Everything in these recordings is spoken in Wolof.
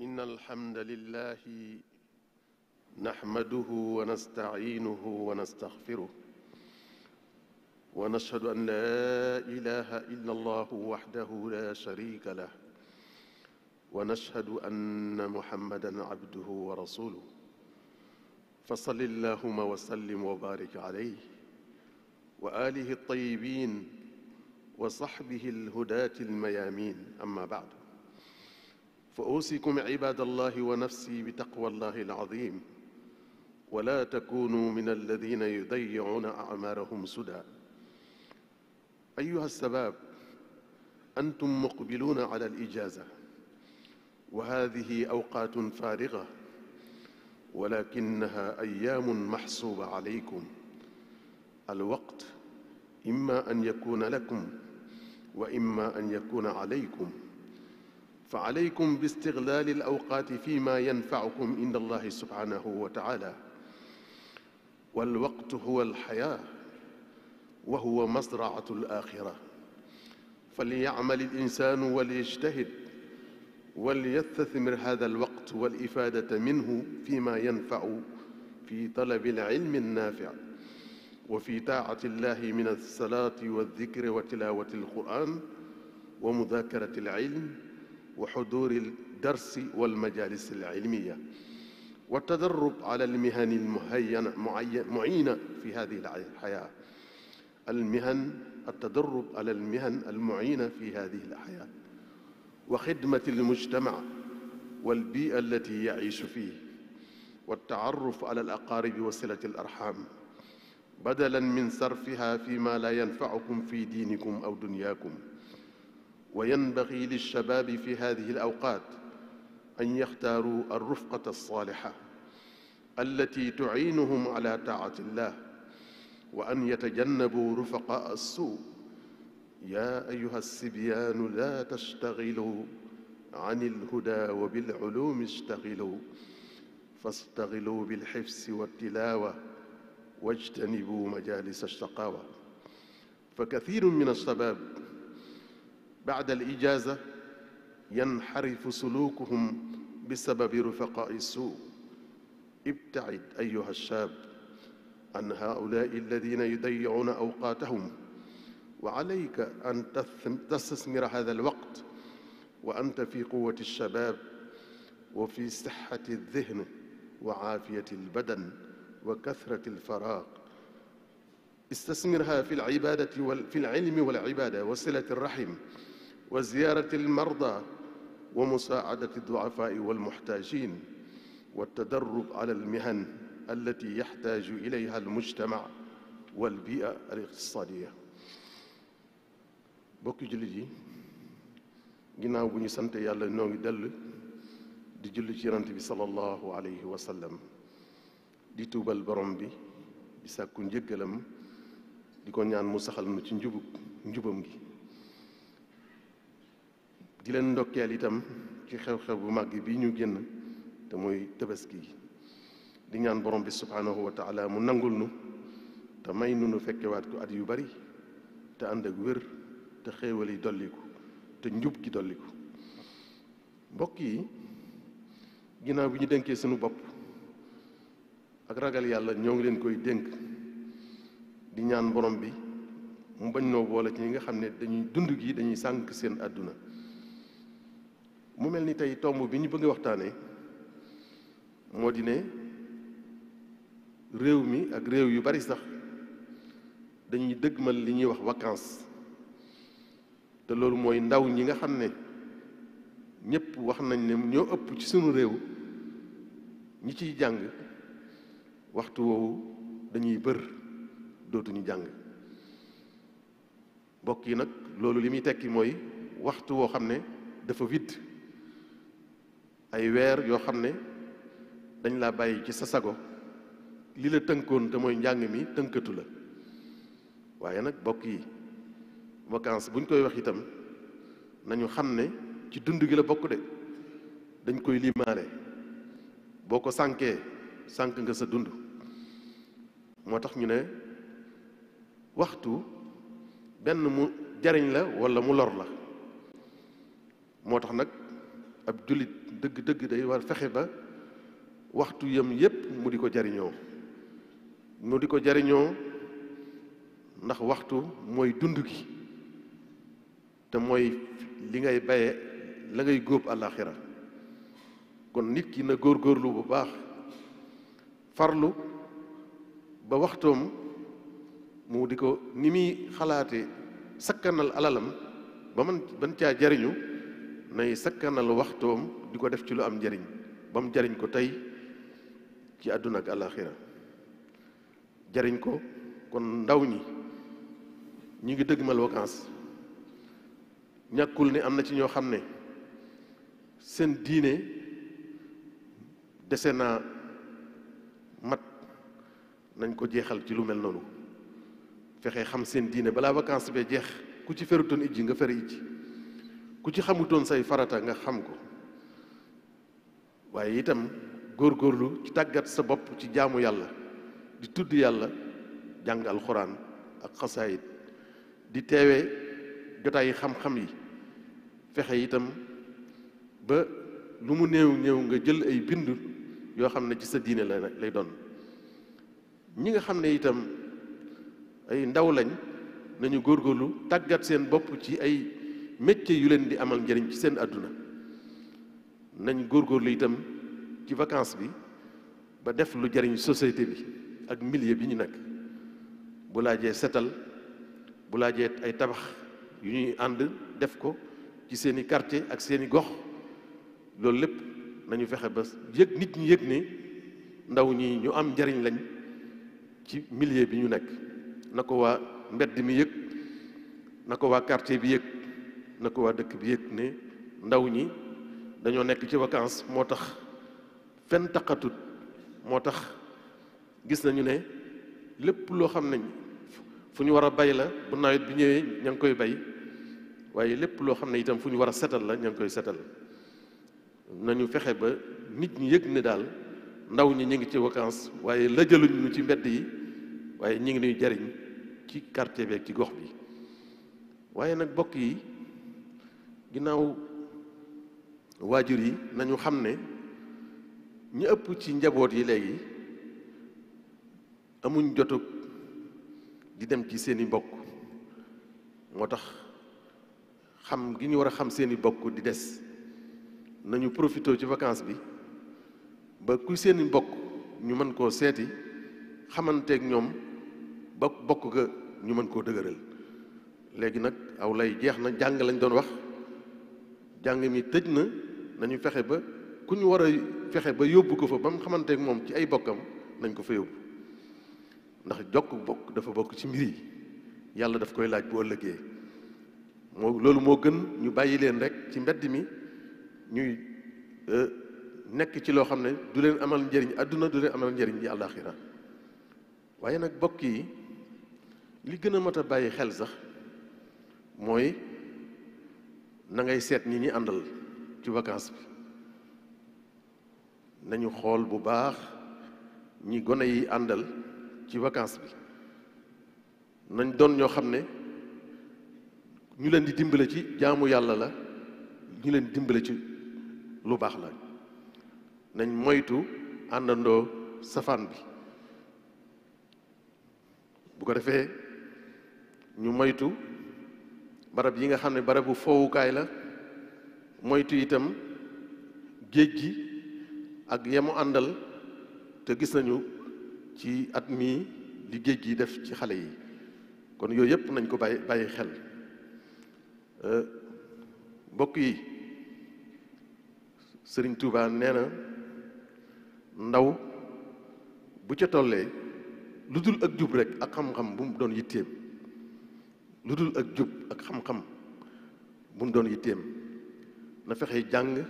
إن الحمد لله نحمده ونستعينه ونستغفره ونشهد أن لا إله إلا الله وحده لا شريك له ونشهد أن محمدًا عبده ورسوله فصل اللهم وسلم وبارك عليه وآله الطيبين وصحبه الهداة الميامين أما بعد فأوصيكم عباد الله ونفسي بتقوى الله العظيم ولا تكونوا من الذين يضيعون أعمارهم سدى أيها السباب أنتم مقبلون على الإجازة وهذه أوقات فارغة ولكنها أيام محسوبة عليكم الوقت إما أن يكون لكم وإما أن يكون عليكم فعليكم باستغلال الأوقات فيما ينفعكم عند الله سبحانه وتعالى والوقت هو الحياة وهو مزرعة الآخرة فليعمل الإنسان وليجتهد وليستثمر هذا الوقت والإفادة منه فيما ينفع في طلب العلم النافع وفي طاعة الله من الصلاة والذكر وتلاوة القرآن ومذاكرة العلم وحضور الدرس والمجالس العلمية والتدرب على المهن معينة في هذه الحياة المهن التدرب على المهن المعينة في هذه الحياة وخدمة المجتمع والبيئة التي يعيش فيه والتعرف على الأقارب وصلة الأرحام بدلاً من صرفها فيما لا ينفعكم في دينكم أو دنياكم وينبغي للشباب في هذه الاوقات ان يختاروا الرفقه الصالحه التي تعينهم على طاعه الله وان يتجنبوا رفقاء السوء يا ايها الصبيان لا تشتغلوا عن الهدى وبالعلوم اشتغلوا فاستغلوا بالحفظ والتلاوه واجتنبوا مجالس الشقاوه فكثير من الشباب بعد الإجازة ينحرف سلوكهم بسبب رفقاء السوء ابتعد أيها الشاب عن هؤلاء الذين يضيعون أوقاتهم وعليك أن تستثمر هذا الوقت وأنت في قوة الشباب وفي صحة الذهن وعافية البدن وكثرة الفراغ استثمرها في العبادة وال... في العلم والعبادة وصلة الرحم وزيارة المرضى ومساعدة الضعفاء والمحتاجين والتدرب على المهن التي يحتاج إليها المجتمع والبيئة الاقتصادية بوكي جلجي جناو بني سنت يالا نوغي دل دي جلجي رنتبي صلى الله عليه وسلم دي توبا البرمبي بي ساكون جيكلم دي كون موسخل نوتي نجوبم di leen ndokkeel itam ci xew-xew bu mag bi ñu génn te mooy tabaski gi di ñaan borom bi subhaanahu wa taala mu nangul nu te may nu nu fekkewaat ko at yu bari te ànd ak wér te xéewal yi dolliku te njub gi dolliku mbokk yi ginnaaw bi ñu dénkee sunu bopp ak ragal yàlla ñoo ngi leen koy dénk di ñaan borom bi mu bañ noo boole ci ñi nga xam ne dañuy dund gi dañuy sànk seen àdduna mu mel ni tey tomb bi ñu bëgg waxtaanee moo di ne réew mi ak réew yu bari sax dañuy dëgmal li ñuy wax vacances te loolu mooy ndaw ñi nga xam ne ñëpp wax nañ ne ñoo ëpp ci sunu réew ñi ciy jàng waxtu woowu dañuy bër dootuñu jàng mbokk yi nag loolu li muy tekki mooy waxtu woo xam ne dafa vide ay weer yoo xam ne dañ la bàyyi ci sa sago li la tënkoon te mooy njàng mi tënkatu la waaye nag bokk yi vacances buñ koy wax itam nañu xam ne ci dund gi la bokk de dañ koy limaale boo ko sànkee sànk nga sa dund moo tax ñu ne waxtu benn mu jariñ la walla mu lor la moo tax nag ab jullit dëgg-dëgg day war fexe ba waxtu yam yépp mu di ko jariñoo mu di ko jariñoo ndax waxtu mooy dund gi te mooy li ngay baye la ngay góob àllaaxira kon nit ki na góor góorgóorlu bu baax farlu ba waxtoom mu di ko ni muy xalaate sakkanal alalam ba man ban caa jariñu nay sakkanal waxtoom di ko def ci lu am njariñ ba mu jariñ ko tey ci àdduna ak àllaaxira jariñ ko kon ndaw ñi ñu ngi dëgmal vacances ñàkkul ne am na ci ñoo xam ne seen diine dese naa mat nañ ko jeexal ci lu mel noonu fexe xam seen diine balaa vacances bee jeex ku ci ferutoon ijji nga fer ijji ku ci xamutoon say farata nga xam ko waaye itam góor góorlu ci tàggat sa bopp ci jaamu yàlla di tudd yàlla jàng alxuraan ak xasaayit di teewe jotaayi xam-xam yi fexe itam ba lu mu néew néew nga jël ay bind yoo xam ne ci sa diine la lay doon ñi nga xam ne itam ay ndaw lañ nañu góorgóorlu tàggat seen bopp ci ay métier yu leen di amal njëriñ ci seen àdduna nañ góorgóorlu itam ci vacances bi ba def lu société bi ak milliers bi ñu nekk bu laajee setal bu laajee ay tabax yu ñuy ànd def ko ci quartier ak nit ñi ne ndaw am na mi na ko waa dëkk bi yëg ne ndaw ñi dañoo nekk ci vacances moo tax fenn taqatut moo tax gis nañu ne lépp loo xam nañ fu ñu war a bay la bu nawet bi ñëwee ña ngi koy bay waaye lépp loo xam ne itam fu ñu war a setal la ña ngi koy setal nañu fexe ba nit ñi yëg ne daal ndaw ñi ñu ngi ci vacances waaye lëjaluñ ñu ci mbedd yi waaye ñu ngi nuy jariñ ci quartier bi ci gox bi waaye nag bokk yi ginnaaw waajur yi nañu xam ne ñu ëpp ci njaboot yi léegi amuñ jotug di dem ci seeni bokk moo tax xam gi ñu war a xam seeni bokk di des nañu profité ci vacance bi ba kuy seeni bokk ñu mën koo seeti xamanteeg ñoom ba bokk ga ñu mën koo dëgëral léegi nag aw lay jeex na jàng lañ doon wax jàng mi tëj na nañu fexe ba ku ñu war a fexe ba yóbbu ko fa ba mu xamante moom ci ay bokkam nañ ko fa yóbbu ndax jokk bokk dafa bokk ci mbir yi yàlla daf koy laaj boo ëllëgee moo loolu moo gën ñu bàyyi leen rek ci mbedd mi ñuy e, nekk ci loo xam ne du leen amal njëriñ àdduna du leen amal njëriñ ji àllaaxira waaye nag bokk yi li gën a mat a bàyyi xel sax mooy nangay seet ni ñi àndal ci vacance bi nañu xool bu baax ñi gone yi àndal ci vacance bi nañ doon ñoo xam ne ñu leen di dimbale ci jaamu yàlla la ñu leen dimbale ci lu baax la nañ moytu àndandoo safaan bi bu ko defee ñu moytu barab yi nga xam ne barabu fowukaay la moytu itam géej gi ak yemu àndal te gis nañu ci at mii li géej gi def ci xale yi kon yooyu yëpp nañ ko bàyyi bàyyi xel euh, mbokk yi sëriñ Touba nee na ndaw bu ca tollee lu dul ak jub rek ak xam-xam bu mu doon yitteem lu dul ak jub ak xam-xam bu mu doon yitteem na fexe jàng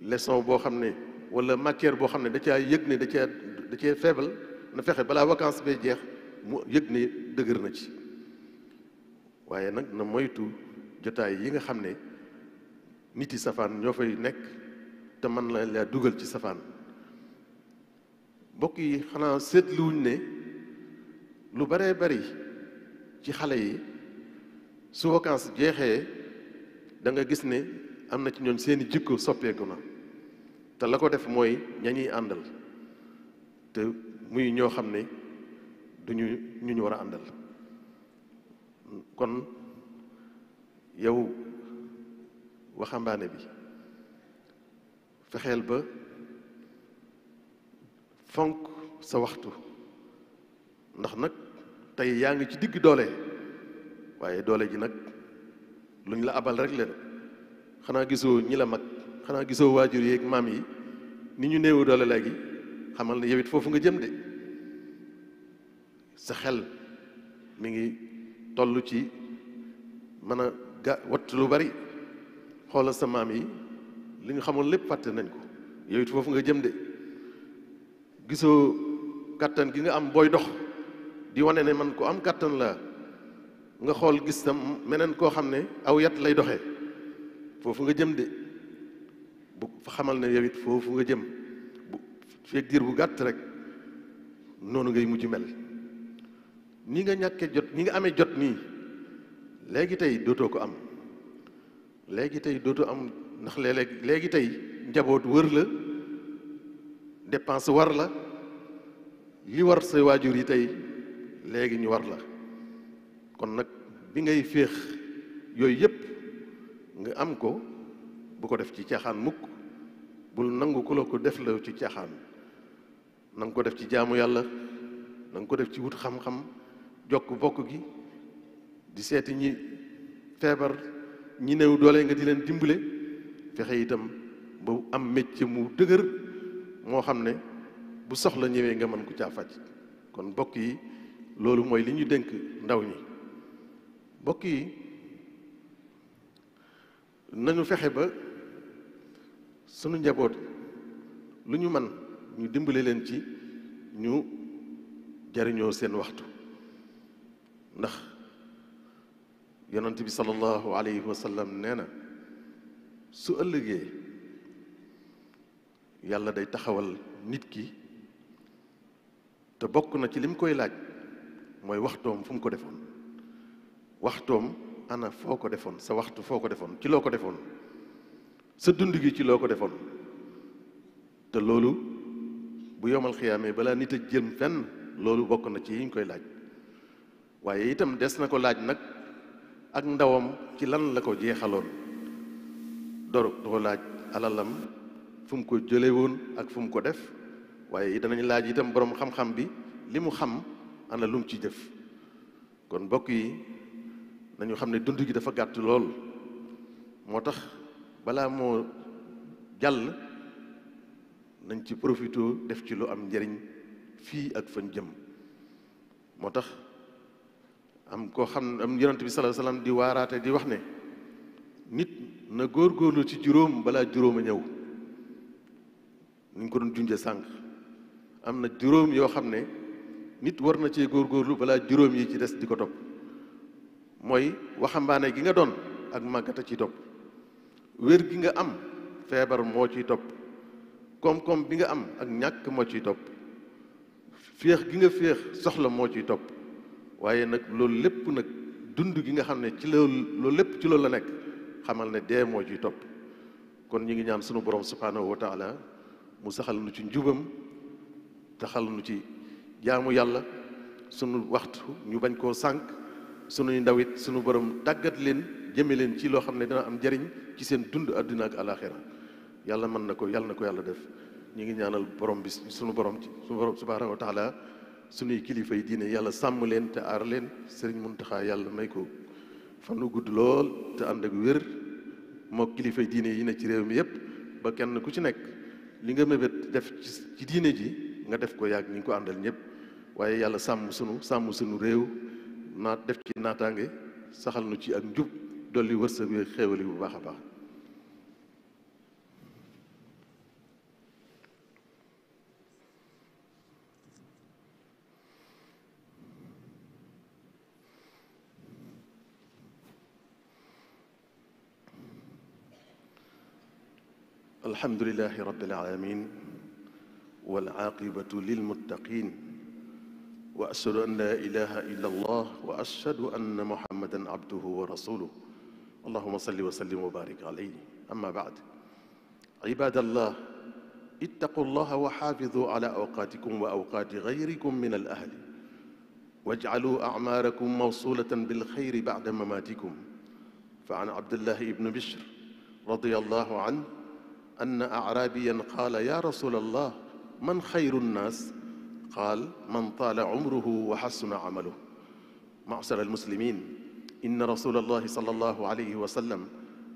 leçon boo xam ne walla matière boo xam ne da caa yëg ne da caa da na fexe balaa vacance bee jeex mu yëg ne dëgër na ci waaye nag na moytu jotaay yi nga xam ne nit yi safaan ñoo fay nekk te man la laa dugal ci safaan mbokk yi xanaa seetluwuñ ne lu baree bari ci xale yi su vacance jeexee danga gis ne am na ci ñoom seeni jikko soppeeku na te la ko def mooy ñañuy àndal te muy ñoo xam ne duñu ñu ñu war a àndal kon yow waxambaane bi fexeel ba fonk sa waxtu ndax nag tey yaa ngi ci digg doole waaye doole ji nag luñ la abal rek la xanaa gisoo ñi la mag xanaa gisoo waajur yeeg maam yi ni ñu néewu doole léegi xamal ne yowit foofu nga jëm de sa xel mi ngi toll ci mën a ga lu bari xoolal sa maam yi li nga xamoon lépp fàtte nañ ko yow foofu nga jëm de gisoo kàttan gi nga am booy dox di wane ne man koo am kàttan la nga xool gis tam meneen koo xam ne aw yat lay doxe foofu nga jëm de bu xamal ne yow it foofu nga jëm bu feeg diir bu gàtt rek noonu ngay mujj mel ni nga ñàkkee jot ni nga amee jot nii léegi tey dootoo ko am léegi tey dootoo am ndax léeg-léeg léegi tey njaboot wër la dépense war la li war sa waajur yi tey léegi ñu war la kon nag bi ngay féex yooyu yëpp nga am ko bu ko def ci caaxaan mukk bul nangu ku la ko def la ci caaxaan na ko def ci jaamu yàlla na ko def ci wut xam-xam jokk bokk gi di seeti ñi feebar ñi néew doole nga di leen dimbale fexe itam ba am métier mu dëgër moo xam ne bu soxla ñëwee nga mën ko caa faj kon bokk yi loolu mooy li ñu dénk ndaw ñi mbokk yi nañu fexe ba sunu njaboot lu ñu man ñu dimbale leen ci ñu jariñoo seen waxtu ndax yonent bi sallallahu alayhi wa sallam nee na su ëllëgee yàlla day taxawal nit ki te bokk na ci lim koy laaj mooy waxtoom fu mu ko defoon waxtoom ana foo ko defoon sa waxtu foo ko defoon ci loo ko defoon sa dund gi ci loo ko defoon te loolu bu yomal xiyaamee balaa nit a jëm fenn loolu bokk na ci yiñ koy laaj waaye itam des na ko laaj nag ak ndawam ci lan la ko jeexaloon doru du laaj alalam fu ko jëlee woon ak fu mu ko def waaye danañ laaj yitam boroom xam-xam bi li mu xam ana lu mu ci def kon mbokk yi nañu xam ne dund gi dafa gàtt lool moo tax balaa moo jàll nañ ci profité def ci lu am njariñ fii ak fañ jëm moo tax am koo xam am yonent bi sallallahu alayhi di waaraate di wax ne nit na góor góorlu ci juróom balaa juróom a ñëw ni ñu ko doon junje sànq am na juróom yoo xam ne nit war na cee góorgóorlu balaa juróom yi ci des di ko topp mooy waxambaane gi nga doon ak màggata ci topp wér gi nga am feebar moo ciy topp koom-koom bi nga am ak ñàkk moo ciy topp féex gi nga féex soxla moo ciy topp waaye nag loolu lépp nag dund gi nga xam ne ci loolu loolu lépp ci loolu la nekk xamal ne dee moo ciy topp kon ñu ngi ñaan sunu borom subhaanahu wa taala mu saxal nu ci njubam taxal nu ci jaamu yàlla sunu waxtu ñu bañ koo sànq sunuy ndaw it sunu borom tàggat leen jëme leen ci loo xam ne dana am njariñ ci seen tund àdduna ak alaxira yàlla mën na ko yàlla na ko yàlla def ñu ngi ñaanal borom bi sunu borom ci sunu borom subhaanahu wa taala sunuy kilifa yi diine yàlla sàmm leen te aar leen sëriñ Muntaxa yàlla may ko fan gudd lool te ànd ak wér moo kilifa yi diine yi ne ci réew mi yépp ba kenn ku ci nekk li nga mébét def ci diine ji nga def ko yàgg ñi ngi ko àndal ñëpp waye yàlla sam sunu sam sunu rew na def ci natangé saxal nu ci ak njub doli wërsëg yi xéewali bu baax a baax الحمد لله رب العالمين والعاقبة للمتقين واشهد ان لا اله الا الله واشهد ان محمدا عبده ورسوله اللهم صل وسلم وبارك عليه اما بعد عباد الله اتقوا الله وحافظوا على اوقاتكم واوقات غيركم من الاهل واجعلوا اعماركم موصوله بالخير بعد مماتكم فعن عبد الله بن بشر رضي الله عنه ان اعرابيا قال يا رسول الله من خير الناس قال من طال عمره وحسن عمله معشر المسلمين إن رسول الله صلى الله عليه وسلم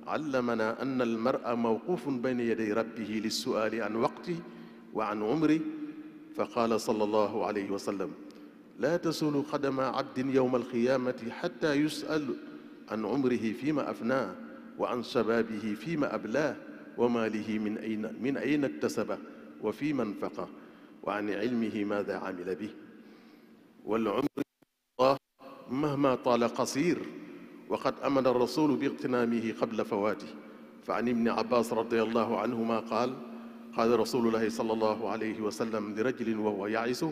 علمنا أن المرء موقوف بين يدي ربه للسؤال عن وقته وعن عمره فقال صلى الله عليه وسلم لا تسول قدم عبد يوم القيامة حتى يسأل عن عمره فيما أفناه وعن شبابه فيما أبلاه وماله من أين من أين اكتسبه وفيما انفقه وعن علمه ماذا عمل به والعمر الله مهما طال قصير وقد أمن الرسول باغتنامه قبل فواته فعن ابن عباس رضي الله عنهما قال قال رسول الله صلى الله عليه وسلم لرجل وهو يعس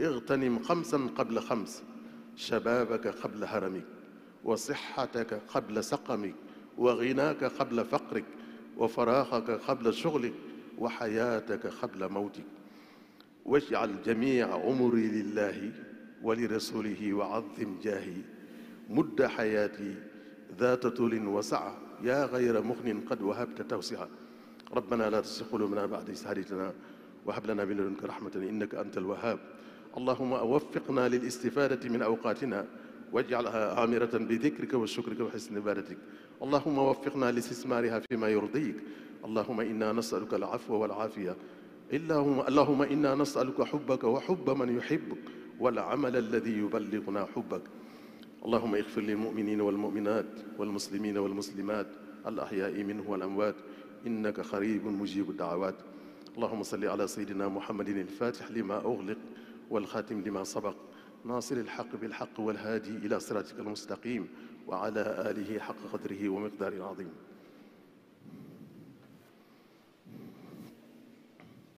اغتنم خمسا قبل خمس شبابك قبل هرمك وصحتك قبل سقمك وغناك قبل فقرك وفراغك قبل شغلك وحياتك قبل موتك واجعل جميع عمري لله ولرسوله وعظم جاهي مد حياتي ذات طول وسعة يا غير مخن قد وهبت توسعة ربنا لا تزغ قلوبنا بعد سهرتنا وهب لنا من لدنك رحمة إنك أنت الوهاب اللهم وفقنا للاستفادة من أوقاتنا واجعلها عامرة بذكرك وشكرك وحسن عبادتك اللهم وفقنا لاستثمارها فيما يرضيك اللهم إنا نسألك العفو والعافية اللهم, اللهم إنا نسألك حبك وحب من يحبك والعمل الذي يبلغنا حبك اللهم اغفر للمؤمنين والمؤمنات والمسلمين والمسلمات الأحياء منه والأموات إنك قريب مجيب الدعوات اللهم صل على سيدنا محمد الفاتح لما أغلق والخاتم لما سبق ناصر الحق بالحق والهادي إلى صراطك المستقيم وعلى آله حق قدره ومقدار عظيم